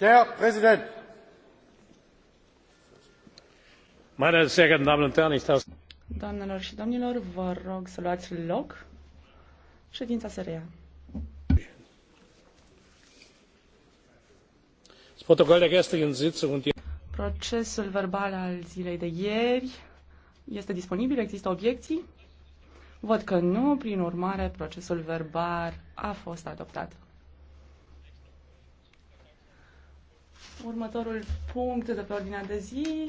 herr Präsident! Meine sehr geehrten Damen und Herren, ich darf... Doamnelor și domnilor, vă rog să luați loc. Ședința se reia. Procesul verbal al zilei de ieri este disponibil? Există obiecții? Văd că nu, prin urmare, procesul verbal a fost adoptat. Următorul punct de pe ordinea de zi